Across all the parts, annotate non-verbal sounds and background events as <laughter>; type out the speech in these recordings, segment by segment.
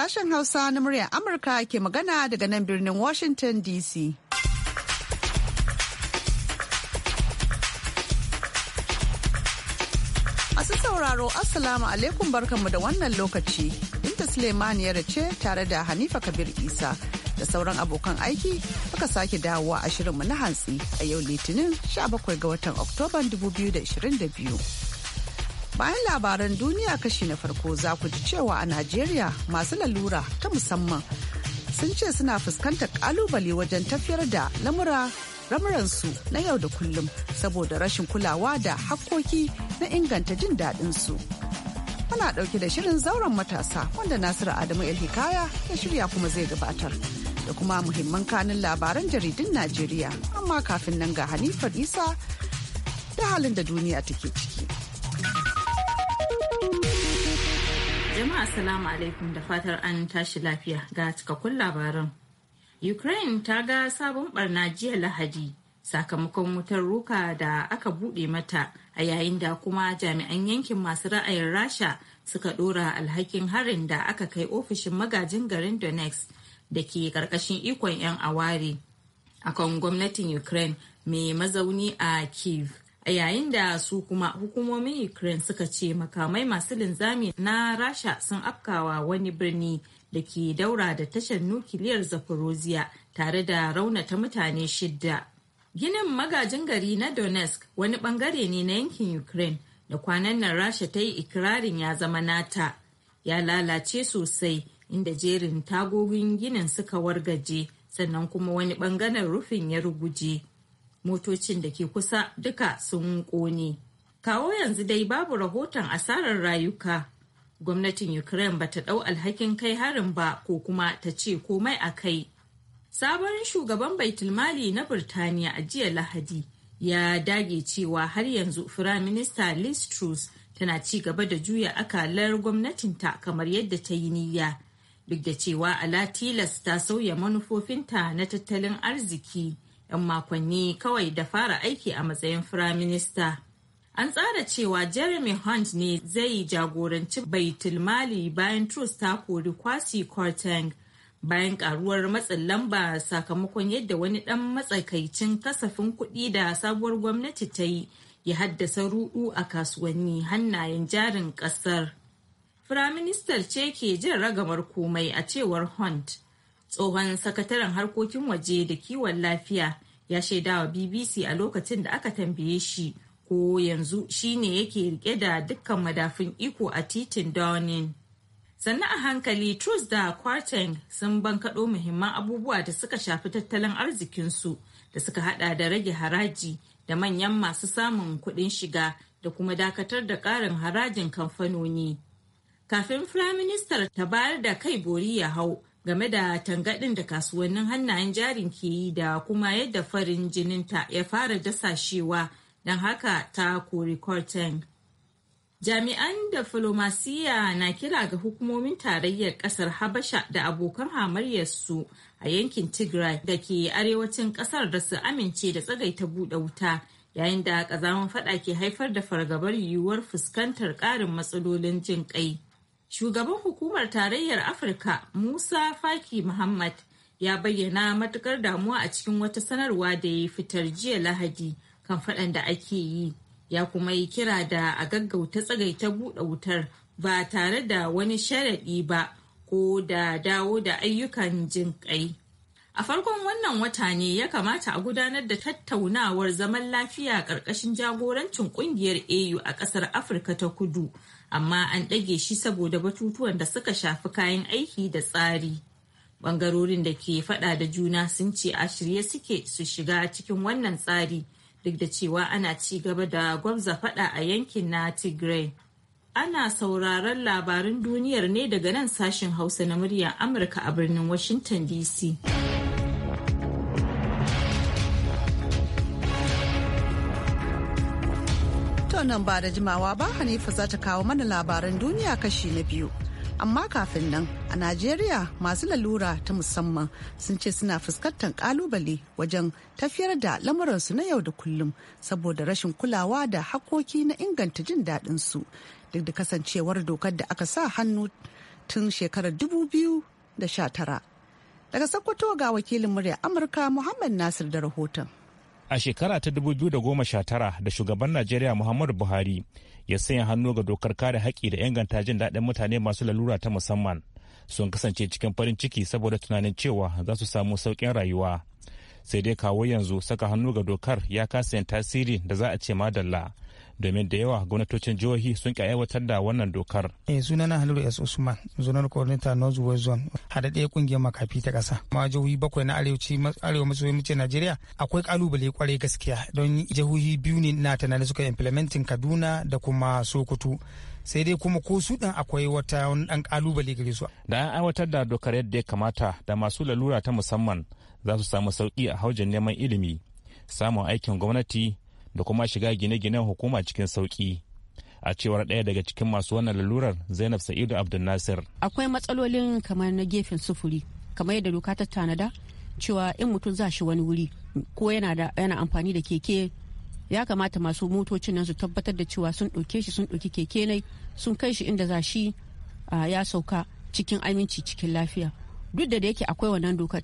sashen Hausa na muryar Amurka ke magana daga nan birnin Washington DC. Masu sauraro Assalamu alaikum barkanmu da wannan lokaci. Binta ya race tare da Hanifa Kabir Isa da sauran abokan aiki aka sake dawowa a shirinmu na hantsi a yau Litinin 17 ga watan Oktoban 2022. Bayan labaran duniya kashi na farko za ku ji cewa a Najeriya masu lalura ta musamman sun ce suna fuskantar kalubale wajen tafiyar da lamura ramuransu na yau da kullum saboda rashin kulawa da hakkoki na inganta jin daɗinsu. Muna ɗauke da shirin zauren matasa wanda Nasiru Adamu Hikaya ya shirya kuma zai gabatar. Da kuma muhimman kanin labaran jaridun Najeriya, amma kafin nan ga Hanifar Isa da halin da duniya take ciki. Jama'a salamu alaikum da fatar an tashi lafiya ga cikakkun labaran. Ukraine ta ga sabon barna jiya Lahadi sakamakon wutar ruka da aka buɗe mata a yayin da kuma jami'an yankin masu ra'ayin Rasha suka ɗora alhakin harin da aka kai ofishin magajin garin Donetsk da ke ƙarƙashin ikon 'yan aware. Akan gwamnatin Ukraine mai mazauni a Kiev. a yayin da su kuma hukumomin ukraine suka ce makamai masu linzami na rasha sun afkawa wani birni da ke daura da tashar nukiliyar zaporozhia tare da raunata mutane shidda ginin magajin gari na donetsk wani bangare ne na yankin ukraine da kwanan nan rasha ta yi ikirarin ya zama nata ya lalace sosai inda jerin tagogin ginin suka wargaje sannan kuma wani bangaren rufin ya ruguje motocin da ke kusa duka sun ƙone. Kawo yanzu dai babu rahoton asarar rayuka. Gwamnatin Ukraine ba ta ɗau alhakin kai harin ba ko kuma ta ce komai a kai. Sabon shugaban Baitulmali na Birtaniya a jiya Lahadi ya dage cewa har yanzu Firaminista Liz Truss tana ci gaba da juya akalar gwamnatinta kamar yadda ta yi niyya. Duk da cewa ala tilas ta sauya manufofinta na tattalin arziki. 'yan makonni kawai da fara aiki a matsayin firaminista. An tsara cewa Jeremy Hunt ne zai jagoranci Mali bayan Truss ta kori Kwasi Kwarteng bayan karuwar matsin lamba sakamakon yadda wani ɗan matsakaicin kasafin kuɗi da sabuwar gwamnati ta yi ya haddasa ruɗu a kasuwanni hannayen jarin ƙasar. Firaministar ce ke jin ragamar komai a cewar Hunt. tsohon sakataren harkokin waje da kiwon lafiya ya shaidawa bbc a lokacin da aka tambaye shi ko yanzu shine yake rike da dukkan madafun iko a titin downing sannan a hankali truss da quarteng sun bankaɗo muhimman abubuwa da suka shafi tattalin arzikinsu da suka hada da rage haraji da manyan masu samun kuɗin shiga da kuma dakatar da ƙarin harajin kamfanoni kafin firaministar ta bayar da kai bori ya hau game da tangadin da kasuwannin hannayen jarin ke yi da kuma yadda farin jinin ta ya fara dasashewa don haka ta kori kortin. Jami'an da filomasiya na kira ga hukumomin tarayyar kasar Habasha da abokan hamayyarsu a yankin Tigray da ke arewacin kasar da su amince da tsagaita buɗe wuta yayin da ƙazamin faɗa ke haifar da fargabar yiwuwar fuskantar ƙarin matsalolin jin ƙai. shugaban hukumar tarayyar afirka musa faki muhammad ya bayyana matukar damuwa a cikin wata sanarwa da ya fitar jiya lahadi kan faɗan da ake yi ya kuma yi kira da a gaggauta tsagaita buɗe wutar ba tare da wani sharaɗi ba ko da dawo da ayyukan jin ƙai a farkon wannan wata ne ya kamata a gudanar da tattaunawar zaman lafiya ƙarƙashin jagorancin ƙungiyar au a ƙasar afirka ta kudu amma an ɗage shi saboda batutuwan da suka shafi kayan aiki da tsari. Bangarorin da ke faɗa da juna sun ce a shirye suke su shiga cikin wannan tsari duk da cewa ana ci gaba da gwamza faɗa a yankin na Tigray. Ana sauraron labarin duniyar ne daga nan sashen Hausa na muryar Amurka a birnin Washington DC. To nan ba da jimawa ba Hanifa za ta kawo mana labaran duniya kashi na biyu. Amma kafin nan a Najeriya masu lalura ta musamman sun ce suna fuskantar kalubale wajen tafiyar da lamuransu na yau da kullum saboda rashin kulawa da hakoki na inganta jin daɗin duk da kasancewar dokar da aka sa hannu tun shekarar 2019. Daga Sokoto ga wakilin murya Amurka Muhammad Nasir da rahoton. a shekara ta 2019 da shugaban najeriya muhammadu buhari ya sanya hannu ga dokar kare haƙƙi da inganta jin daɗin mutane masu lalura ta musamman sun kasance cikin farin ciki saboda tunanin cewa za su samu sauƙin rayuwa sai dai kawo yanzu saka hannu ga dokar ya kasa yin tasiri da za a ce madalla domin da yawa gwamnatocin jihohi sun ƙi aiwatar da wannan dokar. Eh, sunana Halilu S Usman zonar coordinator North West Zone haɗaɗɗe kungiyar makafi ta ƙasa. Ma jihohi bakwai na arewaci arewa maso yammacin Najeriya akwai ƙalubale kwarai gaskiya don jihohi biyu ne na tanada suka implementing Kaduna da kuma Sokoto. sai dai kuma ko su ɗin akwai wata wani ɗan ƙalubale gare su. Da an aiwatar da dokar yadda ya kamata da masu lalura ta musamman za su samu sauƙi a haujin neman ilimi, samun aikin gwamnati da kuma shiga gine-ginen hukuma cikin sauki a cewar ɗaya daga cikin masu wannan lalurar zainab sa'idu nasir akwai matsalolin kamar na gefen sufuri kamar yadda doka ta tanada cewa in mutum za shi wani wuri ko yana amfani da keke ya kamata masu motocin nan su tabbatar da cewa sun ɗauke shi sun ɗauki keke nai sun kai shi inda za shi ya sauka cikin aminci cikin lafiya duk da yake akwai wannan dokar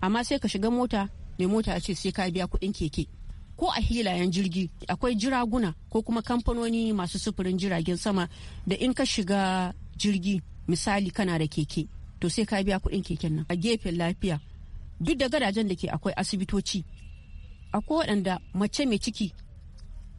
amma sai ka shiga mota mai mota a ce sai ka biya kuɗin keke ko a hilayen jirgi akwai jiraguna ko kuma kamfanoni masu sufurin jiragen sama da in ka shiga jirgi misali kana da keke to sai ka biya kuɗin keken nan a gefen lafiya duk da gadajen da ke akwai asibitoci akwai waɗanda mace mai ciki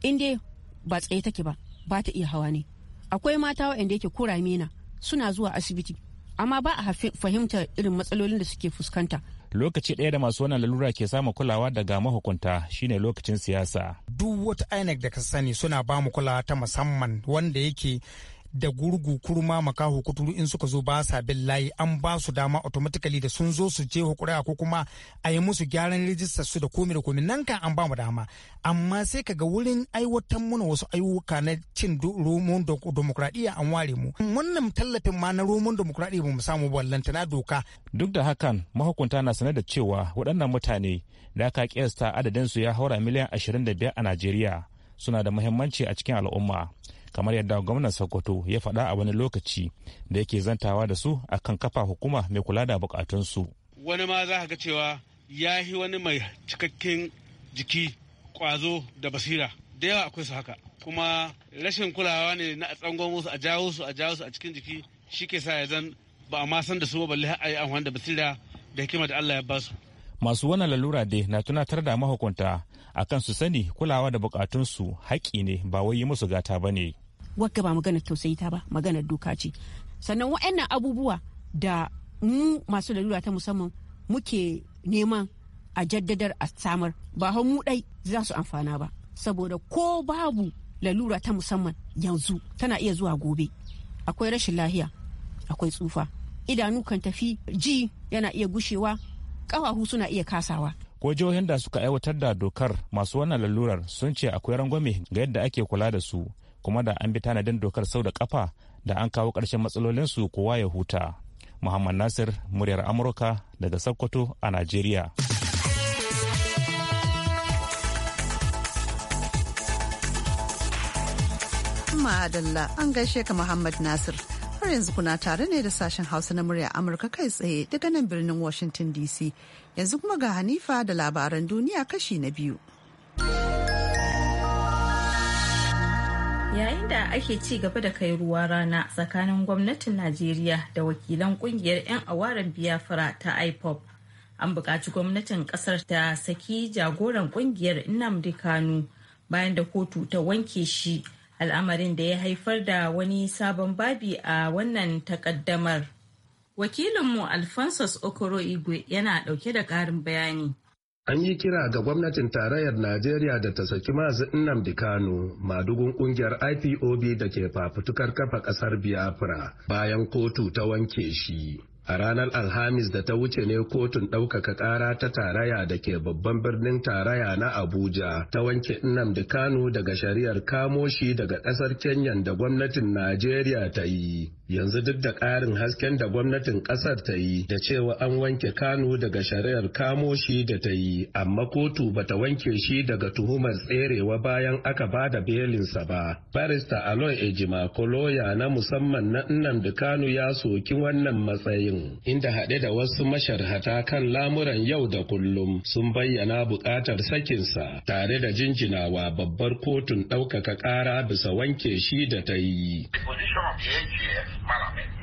inda ba tsaye take ba ba ta iya hawa ne akwai mata waɗanda yake kurame na suna zuwa asibiti amma ba a fahimtar irin matsalolin da suke fuskanta lokaci ɗaya da masu wannan lalura ke samun kulawa daga mahukunta shine lokacin siyasa duk wata inec da ka sani suna ba mu kulawa ta musamman wanda yake da gurgu kurma makaho kuturu in suka zo ba sa bin layi an ba su dama automatically da sun zo su je hukuraya ko kuma a yi musu gyaran rijistar su da komi da komi nan kan an ba mu dama amma sai kaga wurin aiwatar muna wasu ayyuka na cin romon demokradiyya an ware mu wannan tallafin ma na romon demokradiyya ba mu samu ballanta na doka duk da hakan mahukunta na sanar da cewa waɗannan mutane da aka kiyasta adadin su ya haura miliyan 25 a Najeriya suna da muhimmanci a cikin al'umma kamar yadda gwamnan sokoto ya faɗa a wani lokaci da yake zantawa da su akan kafa hukuma mai kula da bukatunsu wani ma za ga cewa ya yi wani mai cikakken jiki kwazo da basira da yawa akwai su haka kuma rashin kulawa ne na tsangon musu a jawo su a jawo su a cikin jiki shi ke sa ya zan ba a san da su ba balle a amfani da basira da hikima da Allah ya ba su masu wannan lalura dai na tunatar da mahukunta akan su sani kulawa da bukatunsu haƙƙi ne ba wai yi musu gata ba ne. wadda ba maganar tausayi ta ba maganar doka ce sannan wa'annan abubuwa da mu masu lalura ta musamman muke neman a jaddadar a samar ba hau mu dai za su amfana ba saboda ko babu lalura ta musamman yanzu tana iya zuwa gobe akwai rashin lahiya akwai tsufa idanu kan tafi ji yana iya gushewa ƙafafu suna iya kasawa ko jihohin da suka aiwatar da dokar masu wannan lalurar sun ce akwai rangwame ga yadda ake kula da su kuma da an bi tanadin dokar sau da kafa da an kawo ƙarshen matsalolinsu kowa ya huta. Muhammad Nasir, muryar Amurka daga Sokoto a Najeriya. Madalla an gaishe ka Muhammad Nasir. Har yanzu kuna tare ne da sashen Hausa na murya Amurka kai tsaye daga nan birnin Washington DC. Yanzu kuma ga Hanifa da labaran duniya kashi na biyu. yayin da ake ci gaba da kai ruwa rana tsakanin gwamnatin najeriya da wakilan kungiyar 'yan awaren biafra ta ipop an buƙaci gwamnatin ƙasar ta saki jagoran kungiyar nnamdi kanu bayan da kotu ta wanke shi al'amarin da ya haifar da wani sabon babi a wannan takaddamar wakilinmu alphonsus okoro igwe yana ɗauke da ƙarin bayani an yi kira ga gwamnatin tarayyar najeriya da ta saki masu nnamdi kano madugun kungiyar ipob da ke fafutukar kafa kasar biafra bayan kotu ta wanke shi a ranar alhamis da ta wuce ne kotun ɗaukaka ƙara ta taraya da ke babban birnin taraya na abuja ta wanke nnamdi kano daga shari'ar kamo shi daga ƙasar kenyan da gwamnatin najeriya ta yi yanzu duk da ƙarin hasken da gwamnatin ƙasar ta yi da cewa an wanke kano daga shari'ar kamo shi da ta yi amma kotu ba ta wanke shi daga tuhumar tserewa bayan aka ba da belinsa ba barista aloy ejima koloya na musamman na da kano ya soki wannan matsayin inda haɗe da wasu masharhata kan lamuran yau da kullum sun bayyana buƙatar sakinsa tare da jinjinawa babbar kotun ɗaukaka ƙara bisa wanke shi da ta yi. malamente.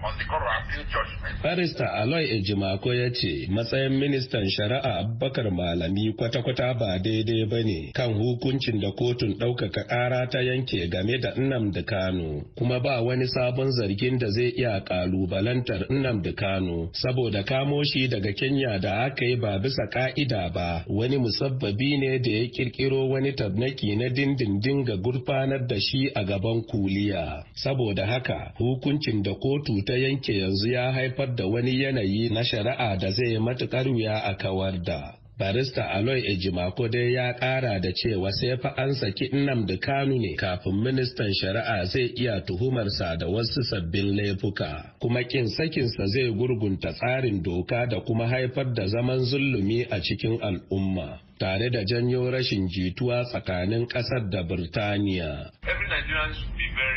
farista Aloy Ejimako ya ce matsayin ministan shari'a Abubakar Malami kwata-kwata ba daidai ba ne kan hukuncin da kotun ɗaukaka ƙara ta yanke game da Nnamdi Kano kuma ba wani sabon zargin da zai iya ƙalubalantar Nnamdi Kano saboda kamo shi daga Kenya da aka yi ba bisa ƙa'ida ba wani musabbabi ne da ya ƙirƙiro wani tabnaki na dindindin ga gurfanar da shi a gaban kuliya saboda haka hukuncin da kotu ta yanke yanzu ya haifar da wani yanayi na shari'a da zai matuƙar wuya a kawar da. barista aloy ejimako dai ya ƙara da cewa sai fa an saki nnamdi kanu ne kafin ministan shari'a zai iya tuhumarsa da wasu sabbin laifuka kuma kin sakinsa zai gurgunta tsarin doka da kuma haifar da zaman zullumi a cikin al'umma tare da janyo rashin jituwa tsakanin ƙasar da birtaniya Every Nigerian should be very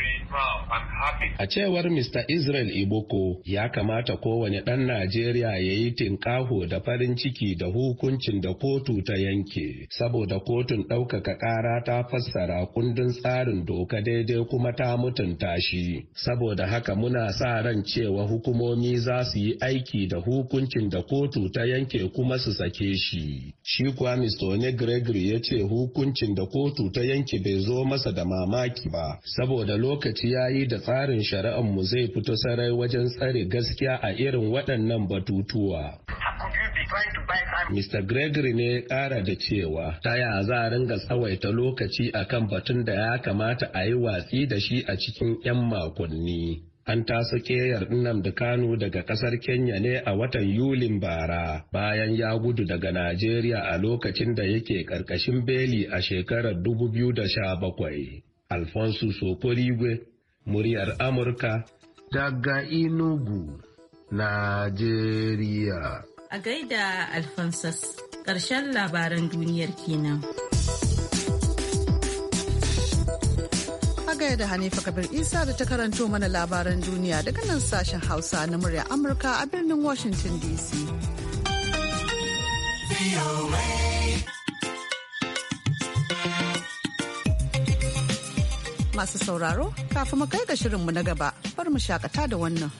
A cewar Mr. Israel Iboko ya kamata kowane ɗan Najeriya ya yi tinƙaho da farin ciki da hukuncin da kotu ta yanke, saboda kotun ɗaukaka ƙara ta fassara kundin tsarin doka daidai kuma ta mutunta shi. Saboda haka muna sa ran cewa hukumomi za su yi aiki da hukuncin da kotu ta yanke kuma su sake shi. Shi kuwa Mr. One Gregory ya ce hukuncin da kotu ta yanke bai zo masa da mamaki ba, saboda lokaci Siyayi ya yi da tsarin mu zai fito sarai wajen tsare gaskiya a irin waɗannan batutuwa. Mr. Gregory ne ya ƙara da cewa ta ya za a ringa tsawaita lokaci a kan batun da ya kamata a yi watsi da shi a cikin 'yan makonni. An taso keyar da Kano daga ƙasar Kenya ne a watan Yulin bara bayan ya gudu daga Najeriya a lokacin da yake ƙarƙashin beli a shekarar 2017. Alfonso Sokorigwe muryar Amurka daga Inugu, Najeriya. A gaida Alfonsus, ƙarshen labaran duniyar kenan. gaida da Hanifa Kabir Isa da ta karanto mana labaran duniya daga nan sashen Hausa na muryar Amurka a birnin Washington DC. masu sauraro kafin mu kai ga shirinmu na gaba bar mu shakata da wannan.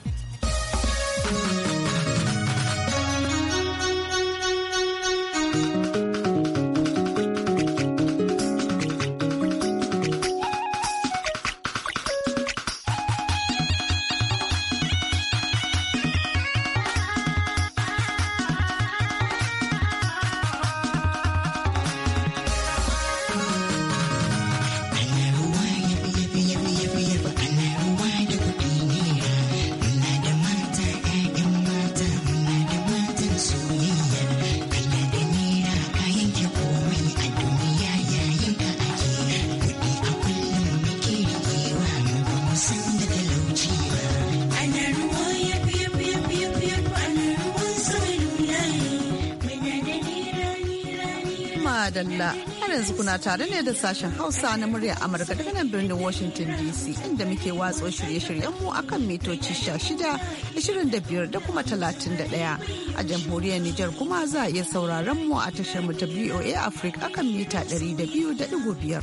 yanzu kuna tare ne da sashen Hausa na murya Amurka daga nan birnin Washington DC inda muke watso shirye-shiryenmu akan mitoci sha-shida 25 da kuma 31. A jamhuriyar Nijar kuma za a iya sauraron mu a tashar mu ta BOA Africa akan mita 200.5.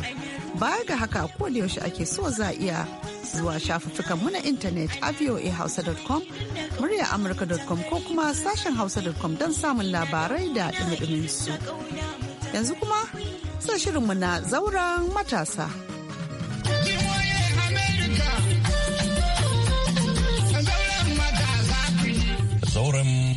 Baya ga haka ko da yaushe ake so za a iya zuwa shafukan mu na intanet a hausa voahausa.com, muryar amurka.com ko kuma sashen hausa hausa.com don samun labarai da dumi su. yanzu kuma sai shirinmu na zauren matasa.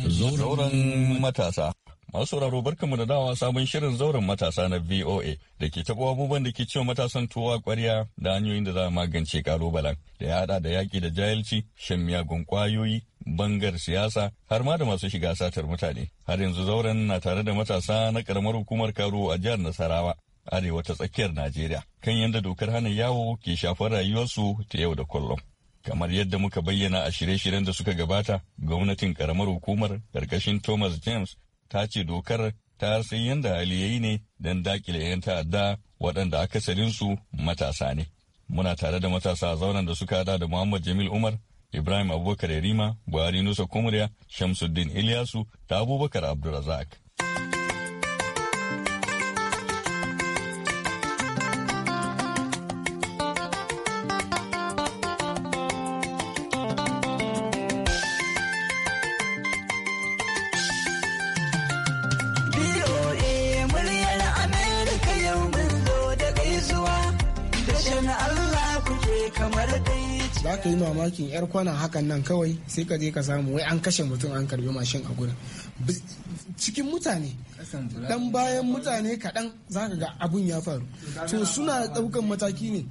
Zauren matasa. Masu sauraro barkamu da dawa sabon shirin zauren matasa na VOA da ke taɓa abubuwan da ke cewa matasan tuwa kwarya da hanyoyin da za a magance ƙalubalen da ya haɗa da yaƙi da jahilci, shan miyagun kwayoyi. bangar siyasa har ma da masu shiga satar mutane. Har yanzu zauren na tare da matasa na karamar hukumar Karo a jihar Nasarawa, arewa ta tsakiyar Najeriya, kan yadda dokar hana yawo ke shafar rayuwarsu ta yau da kullum. Kamar yadda muka bayyana a shirye-shiryen da suka gabata, gwamnatin karamar hukumar karkashin Thomas James ta ce dokar ta sai yadda hali yayi ne don dakile 'yan ta'adda waɗanda akasarinsu matasa ne. Muna tare da matasa a zauren da suka hada da Muhammad Jamil Umar, Ibrahim Abubakar Yarima, Buhari Nusa Kumriya, Shamsuddin Ilyasu da Abubakar Abdulrazak. dakin yar kwana hakan nan kawai sai ka je ka samu wai an kashe mutum an karbi mashin a gurin cikin mutane dan bayan mutane kaɗan za ka ga abun ya faru to suna ɗaukan mataki ne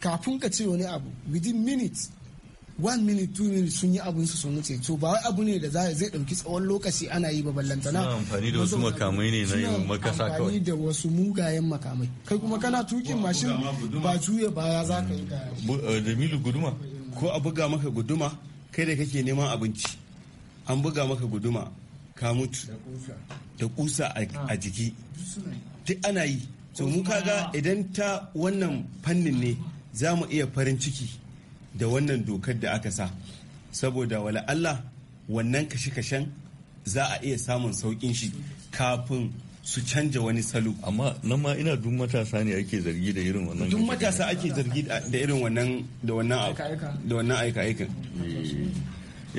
kafin ka ce wani abu within minutes one minute two minutes sun yi abun su sun wuce to ba wai abu ne da zai dauki tsawon lokaci ana yi ba ballantana suna amfani da wasu makamai ne na yin makasa kawai amfani da wasu mugayen makamai kai kuma kana tukin mashin ba juya baya za ka yi da eh, jamilu guduma ko a buga maka guduma kai da kake neman abinci an buga maka guduma ka mutu da kusa ah. a jiki duk ana yi to mu kaga idan ta wannan fannin ne za mu iya farin ciki da wannan dokar da aka sa saboda wala Allah wannan kashe-kashen za a iya samun saukin shi kafin su canja wani salo amma nan ma ina duk matasa ne ake zargi da irin wannan duk matasa ake zargi da irin wannan da wannan da wannan aika aika. Eh,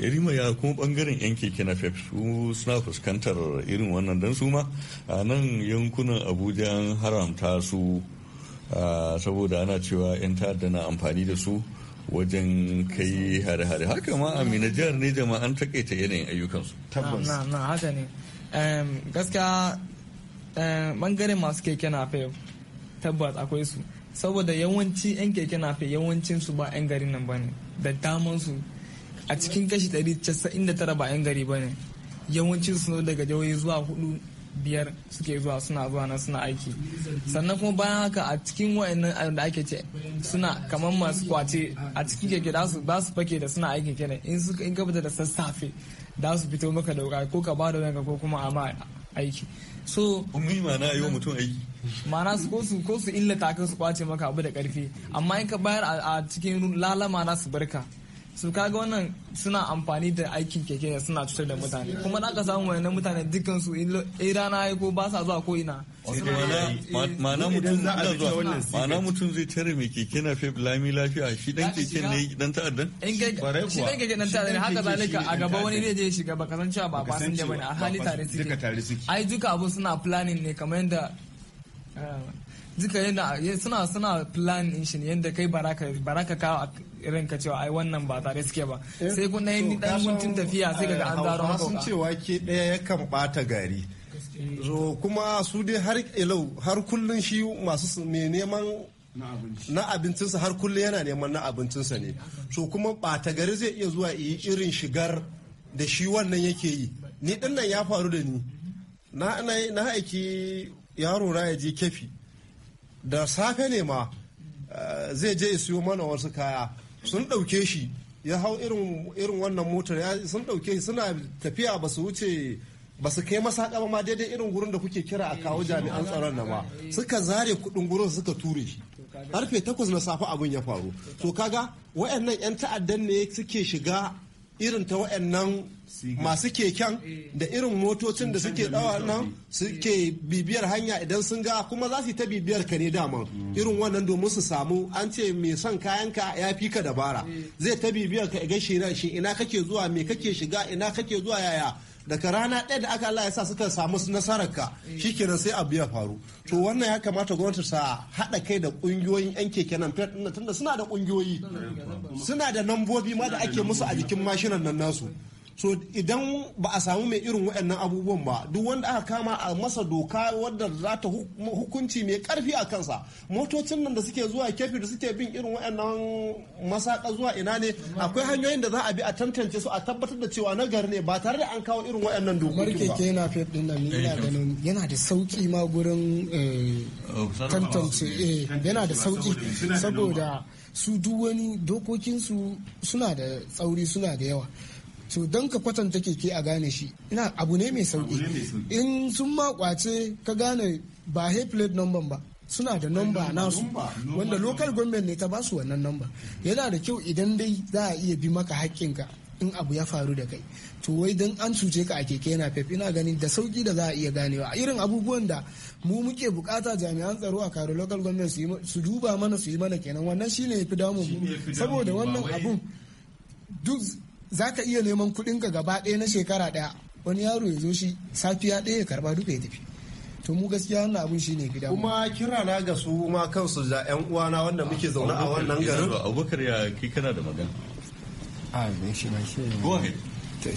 eh, Rima ya kuma bangaren yan keke na fef su suna fuskantar irin wannan dan su ma a nan yankunan abuja an haramta su saboda ana cewa yan ta'adda na amfani da su wajen kai hare-hare haka ma amina jihar ne jama'an takaita yanayin ayyukansu tabbas na haka ne gaskiya bangaren eh, masu keke nafe tabbas akwai su saboda yawanci 'yan keke nafe yawancin su ba 'yan garin nan bane da daman su a cikin kashi 199 ba 'yan gari bane yawancin su daga jihohi zuwa hudu biyar suke zuwa suna zuwa nan suna aiki sannan kuma bayan haka a cikin wa'annan da ake ce suna kamar masu kwace a cikin keke da su ba su fake da suna aiki kenan in suka in ka fita da sassafe da su fito maka da ko ka ba da ko kuma a ma aiki so ummi mana yi wa mutum aiki mana su ko su ko su illata ka su kwace maka abu da karfi amma in ka bayar a cikin lalama na su barka su kaga wannan suna amfani da aikin keke ne suna cutar da mutane kuma da aka samu wayannan mutane dukkan su in rana ya ko ba sa zuwa ko ina ma'ana mutum ma'ana mutum zai tare mai keke na fi lami lafiya shi dan keke ne dan ta'addan shi dan keke dan ta'addan haka zalika a gaba wani zai je shiga ba san cewa ba fasinja bane a hali tare suke ai duka abu suna planning ne kamar yadda eh, duka yadda eh, suna suna planning shi ne yadda kai baraka baraka kawo. ranka cewa ai wannan ba tare suke ba eh, sai kun yi dan guntun tafiya sai kaga an daro haka sun cewa ke daya yakan bata gari zo kuma su dai har ilau har kullun shi masu mai neman na abincinsa har kullum yana neman na abincinsa ne so kuma bata gari zai iya zuwa yi irin shigar da shi wannan yake yi ni dinnan ya faru da ni na aiki yaro na ya je kefi da safe ne ma eh, zai je siyo mana wasu kaya sun ɗauke shi ya hau irin wannan motar sun ɗauke shi suna tafiya ba su wuce ba su kai masa ba ma daidai irin wurin da kuke kira a kawo jami'an tsaron na ba suka zare kudin gurin suka ture shi harfe takwas na safe abin ya faru to kaga wayannan yan ta'addan ne suke shiga irin ta waɗannan masu keken eh. da irin motocin da suke dawa nan suke bibiyar hanya idan sun ga kuma za su ta bibiyar ka ne daman mm. irin wannan domin su samu an ce mai son kayanka ya fi ka dabara eh. zai ta bibiyar ka ga shi ina kake zuwa me kake shiga ina kake zuwa yaya daga rana ɗaya da aka Allah ya sa suka samu nasarar ka eh. shikenan sai abu ya faru to wannan ya kamata gwamnati ta haɗa kai da ƙungiyoyin yan keke nan fet tunda suna da kungiyoyi suna da nambobi ma da ake musu a jikin mashinan nan nasu so idan ba a samu mai irin waɗannan abubuwan ba duk wanda aka kama a masa doka wadda za ta hukunci mai karfi a kansa motocin nan da suke zuwa kefi da suke bin irin waɗannan masaka zuwa ina ne akwai hanyoyin da za a bi a tantance su a tabbatar da cewa na ne ba tare da an kawo irin waɗannan dokoki ba keke yana eh, da sauki ma gurin eh, oh, tantance eh, yana da sauki saboda su duk dokokinsu suna da tsauri suna da yawa so don ka kwatanta keke a gane shi ina abu ne mai sauki in sun ma kwace ka gane ba he plate number ba suna da number nasu wanda local government ne ta basu wannan number yana da kyau idan dai za a iya bi maka haƙƙinka in abu ya faru da kai to wai don an cuce ka a keke yana fef ina gani da sauki da za a iya ganewa irin abubuwan da mu muke bukata jami'an tsaro a karo local government su duba mana su yi mana kenan wannan shine ya fi damu saboda wannan abun duk za ka iya neman kuɗin ka gaba ɗaya na shekara ɗaya wani yaro ya zo shi safiya ɗaya ya karba duka ya tafi to mu gaskiya wannan abun shi ne gida kuma kira na ga su ma kansu da yan uwana wanda muke zaune a wannan garin abubakar ya kai kana da magana a me shi ma shi go ahead to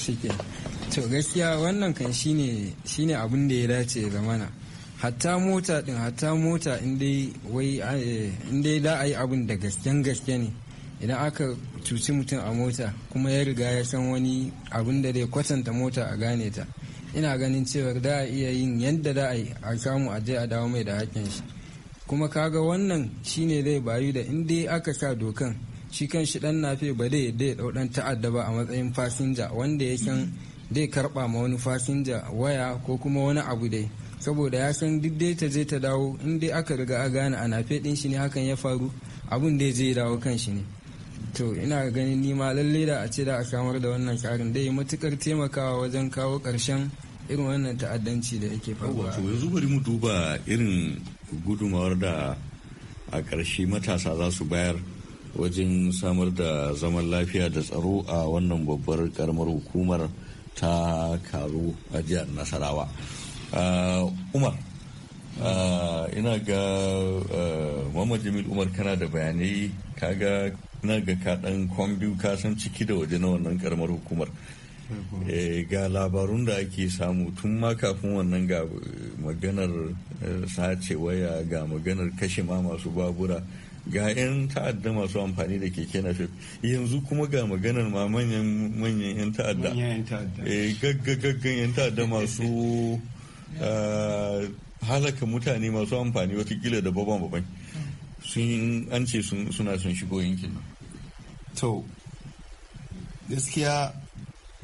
to gaskiya wannan kan shi ne abun da ya dace zamana hatta mota din hatta mota in dai wai eh, in dai da ayi abun da gasken gaske ne idan aka cuci mutum a mota kuma ya riga ya san wani abin da zai kwatanta mota a gane ta ina ganin cewar da a iya yin yadda da a yi a samu a je a dawo mai da haƙƙin shi kuma kaga wannan shine zai bayu da in dai aka sa dokan shi kan shi dan nafe ba zai yadda ya dau ta'adda ba a matsayin fasinja wanda ya san zai karba ma wani fasinja waya ko kuma wani abu dai saboda ya san duk dai ta je ta dawo in dai aka riga a gane a nafe din shi ne hakan ya faru abun dai zai dawo kan shi ne to ina ganin nima lallai da a ce da a samar da wannan karin dai matukar taimakawa wajen kawo karshen irin wannan ta'addanci da yake faruwa to yanzu bari mu duba irin gudunmawar da a ƙarshe matasa za su bayar wajen samar da zaman lafiya da tsaro a wannan babbar karamar hukumar ta karo a jihar nasarawa umar ina ga jamil umar kana da bayanai kaga na ga kaɗan kwan biyu kasan ciki da waje na wannan karamar hukumar eh, ga labarun da ake samu tun ma kafin wannan ga eh, maganar eh, sace waya ga maganar kashe ma masu babura ga 'yan ta'adda masu amfani da keke na yanzu kuma ga maganar ma manyan manyan 'yan ta'adda gaggagaggan 'yan ta'adda masu <laughs> ah, halaka mutane masu amfani watakila da baban baban sun an ce suna son shigo yankin nan to gaskiya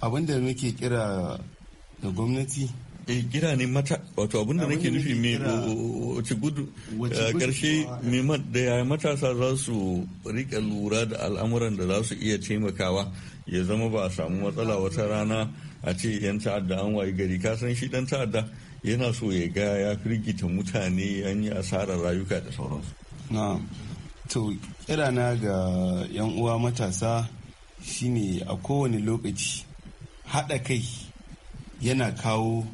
abin da muke kira da gwamnati eh kira ne mata wato abin da nake nufi me wace gudu eh, karshe me da ya matasa za su rika lura da al'amuran da za su iya taimakawa ya zama ba a samu matsala wata rana a ce yan ta'adda an wayi gari kasan shi dan ta'adda yana so ya ga ya firgita mutane an yi asarar rayuka da sauransu na to kirana ga 'yan uwa matasa shine a kowane lokaci haɗa kai yana kawo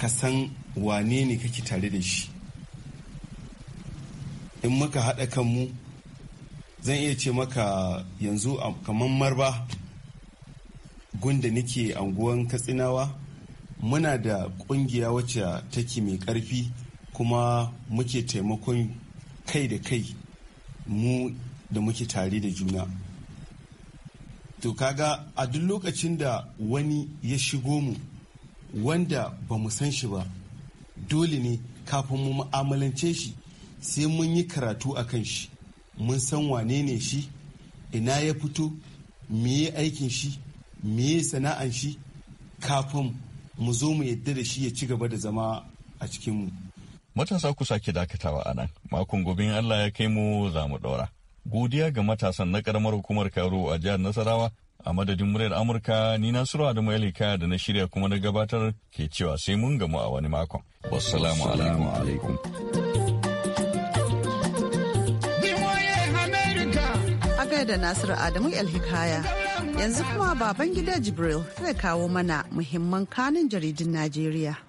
ka san wane ne kake tare da shi in muka haɗa kanmu zan iya ce maka yanzu kamar marba gunda nake anguwan katsinawa muna da ƙungiya wacce take mai ƙarfi kuma muke taimakon kai da kai mu da muke tare da juna to kaga a duk lokacin da wani ya shigo mu wanda ba mu san shi ba dole ne kafin mu mu'amalance shi sai mun yi karatu a kan shi mun san wane ne shi ina ya fito meye aikin shi meye sana'an shi kafin mu zo mu yadda da shi ya ci gaba da zama a cikinmu matasa ku sake dakatawa a nan makon gobe Allah ya kai mu za mu ɗaura. Godiya ga matasan na ƙaramar hukumar Karo a jihar Nasarawa a madadin muryar Amurka ni Nasiru Adamu Elika da na shirya kuma na gabatar ke cewa sai mun gamu a wani makon. Wassalamu alaikum. da Nasiru Adamu Elhikaya. Yanzu kuma baban gida Jibril zai kawo mana muhimman kanin jaridun Najeriya.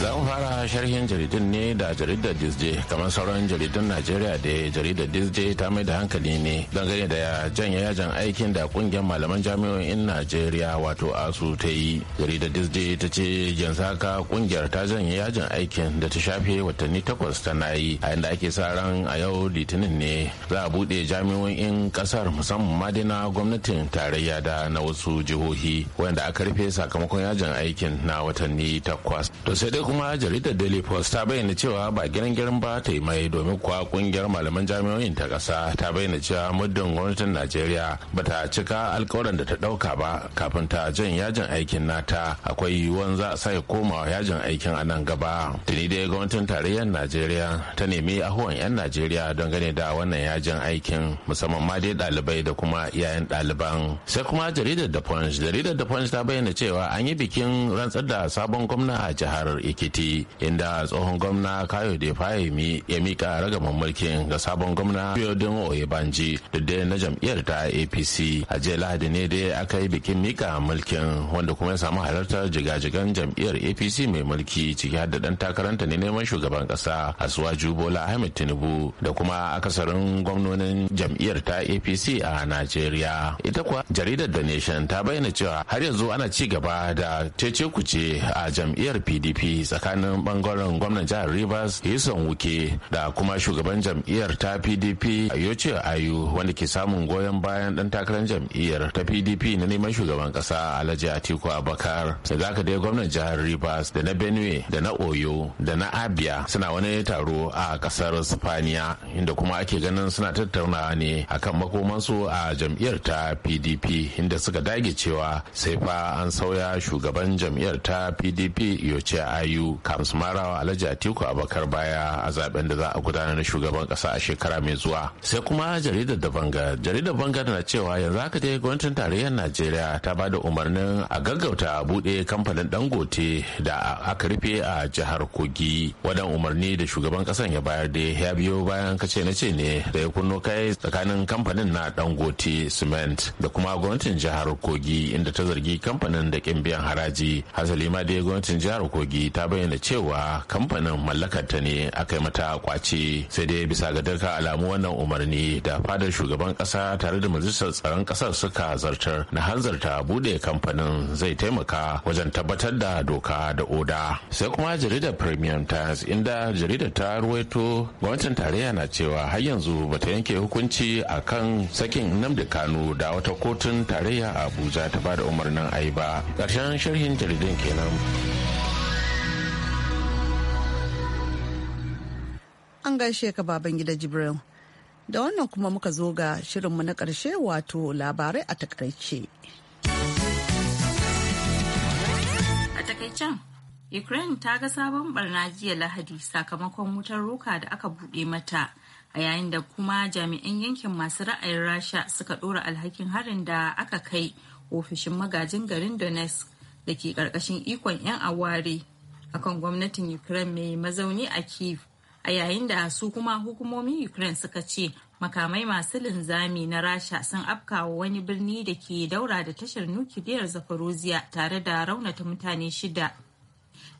za mu fara sharhin jaridun ne da jaridar disje kamar sauran jaridun najeriya da jaridar disje ta mai da hankali ne dangane da janye yajin aikin da kungiyar malaman jami'o'in najeriya wato asu ta yi jaridar disje ta ce yanzu haka kungiyar ta janye yajin aikin da ta shafe watanni takwas ta na yi a yadda ake sa ran a yau litinin ne za a buɗe jami'o'in kasar musamman ma dai gwamnatin tarayya da na wasu jihohi wanda aka rufe sakamakon yajin aikin na watanni takwas to kuma jaridar daily post ta bayyana cewa ba girin girin ba ta yi mai domin kuwa kungiyar malaman jami'o'in ta kasa ta bayyana cewa muddin gwamnatin najeriya ba ta cika alkawarin da ta ɗauka ba kafin ta jan yajin aikin nata akwai yiwuwan za a sake komawa yajin aikin a nan gaba tuni dai gwamnatin tarayyar najeriya ta nemi ahuwan 'yan najeriya don gane da wannan yajin aikin musamman ma dai dalibai da kuma iyayen ɗaliban sai kuma jaridar da punch jaridar da punch ta bayyana cewa an yi bikin rantsar da sabon gwamna a jihar Ekiti inda tsohon gwamna Kayo da ya mika ragaman mulkin ga sabon gwamna Biodun Oyebanji da dai na jam'iyyar ta APC. A jiya Lahadi ne dai aka yi bikin mika mulkin wanda kuma ya samu halartar jigajigan jam'iyyar APC mai mulki ciki har da dan takaranta ne neman shugaban kasa Asuwaju Bola Ahmed Tinubu da kuma akasarin gwamnonin jam'iyyar ta APC a Najeriya. Ita kuwa jaridar The Nation ta bayyana cewa har yanzu ana ci gaba da cece kuce a jam'iyyar PDP tsakanin bangaren gwamnan jihar rivers Yason wuke da kuma shugaban jam'iyyar ta pdp yoce ayu wanda ke samun goyon bayan dan takarar jam'iyyar ta pdp na neman shugaban kasa alhaji atiku abakar da zaka dai gwamnan jihar rivers da na benue da na oyo da na abia suna wani taro a kasar spaniya inda kuma ake ganin suna tattaunawa ne akan su a jam'iyyar ta pdp inda suka dage cewa sai fa an sauya shugaban jam'iyyar ta pdp yoce ayu biyu kafin su marawa alhaji atiku abakar baya a zaben da za a gudanar na shugaban kasa a shekara mai zuwa sai kuma jaridar da banga jaridar banga na cewa yanzu haka dai gwamnatin tarayyar najeriya ta ba da umarnin a gaggauta buɗe kamfanin dangote da aka rufe a jihar kogi wadan umarni da shugaban kasan ya bayar da ya biyo bayan kace na ce ne da ya kunno kai tsakanin kamfanin na dangote cement da kuma gwamnatin jihar kogi inda ta zargi kamfanin da kin biyan haraji hasali ma dai gwamnatin jihar kogi ta bayyana cewa kamfanin mallakar ne aka yi mata kwace sai dai bisa ga duka alamu wannan umarni da fadar shugaban kasa tare da majalisar tsaron kasar suka zartar na hanzarta bude kamfanin zai taimaka wajen tabbatar da doka da oda sai kuma jaridar premium times inda jaridar ta ruwaito gwamnatin tarayya na cewa har yanzu bata yanke hukunci akan sakin namda kanu da wata kotun tarayya a abuja ta bada umarnin ai ba ƙarshen sharhin jaridun kenan. gaishe ka baban gida Jibril. Da wannan kuma muka zo ga shirinmu na karshe wato labarai a takaice. A takaicen, Ukraine ta ga sabon barna jiya Lahadi sakamakon wutar roka da aka buɗe mata. a yayin da kuma jami'an yankin masu ra'ayin rasha suka dora alhakin harin da aka kai ofishin magajin garin donetsk da ke karkashin ikon 'yan aware akan gwamnatin ukraine mai mazauni a kiev a yayin da su kuma hukumomin ukraine suka ce makamai masu linzami na rasha sun afkawa wani birni da ke daura da tashar nukiliyar zaporozhia tare da raunata mutane shida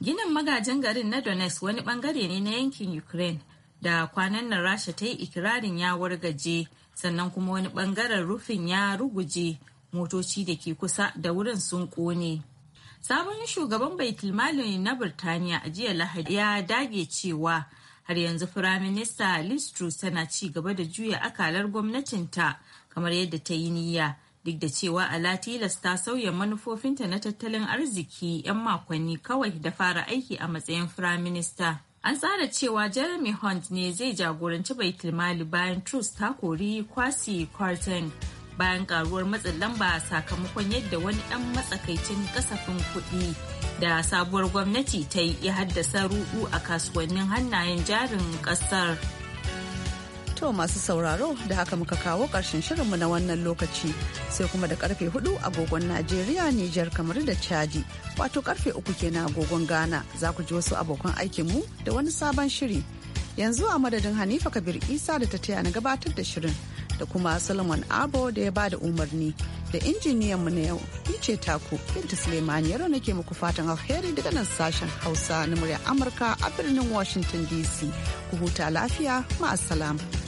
ginin magajin garin na donetsk wani bangare ne na yankin ukraine da kwanan nan rasha ta yi ikirarin ya wargaje sannan kuma wani bangaren rufin ya ruguje motoci da ke kusa da wurin sun kone sabon shugaban baitulmali na birtaniya a jiya lahadi ya dage cewa har yanzu firaminista liz tana ci gaba da juya akalar gwamnatinta kamar yadda ta yi niyya duk da cewa ala tilas ta sauya manufofinta na tattalin arziki 'yan makonni kawai da fara aiki a matsayin firaminista an tsara cewa jeremy hunt ne zai jagoranci baitulmali bayan truss ta kori kwasi carton bayan karuwar matsin lamba sakamakon yadda wani ɗan matsakaicin kasafin kuɗi da sabuwar gwamnati ta yi ya haddasa ruɗu a kasuwannin hannayen jarin ƙasar. To masu sauraro da haka muka kawo ƙarshen shirinmu na wannan lokaci sai kuma da karfe hudu agogon Najeriya, Nijar, kamar da Chadi wato ƙarfe uku kenan agogon Ghana za ku ji wasu abokan aikinmu da wani sabon shiri. Yanzu a madadin Hanifa Kabir Isa da ta taya na gabatar da shirin da kuma Solomon Abo da ya bada umarni da injiniyan mu na yau ce taku Binta Suleiman yaro nake muku fatan alheri daga nan sashen Hausa na muryar Amurka a birnin Washington DC. Ku huta lafiya ma'asalam.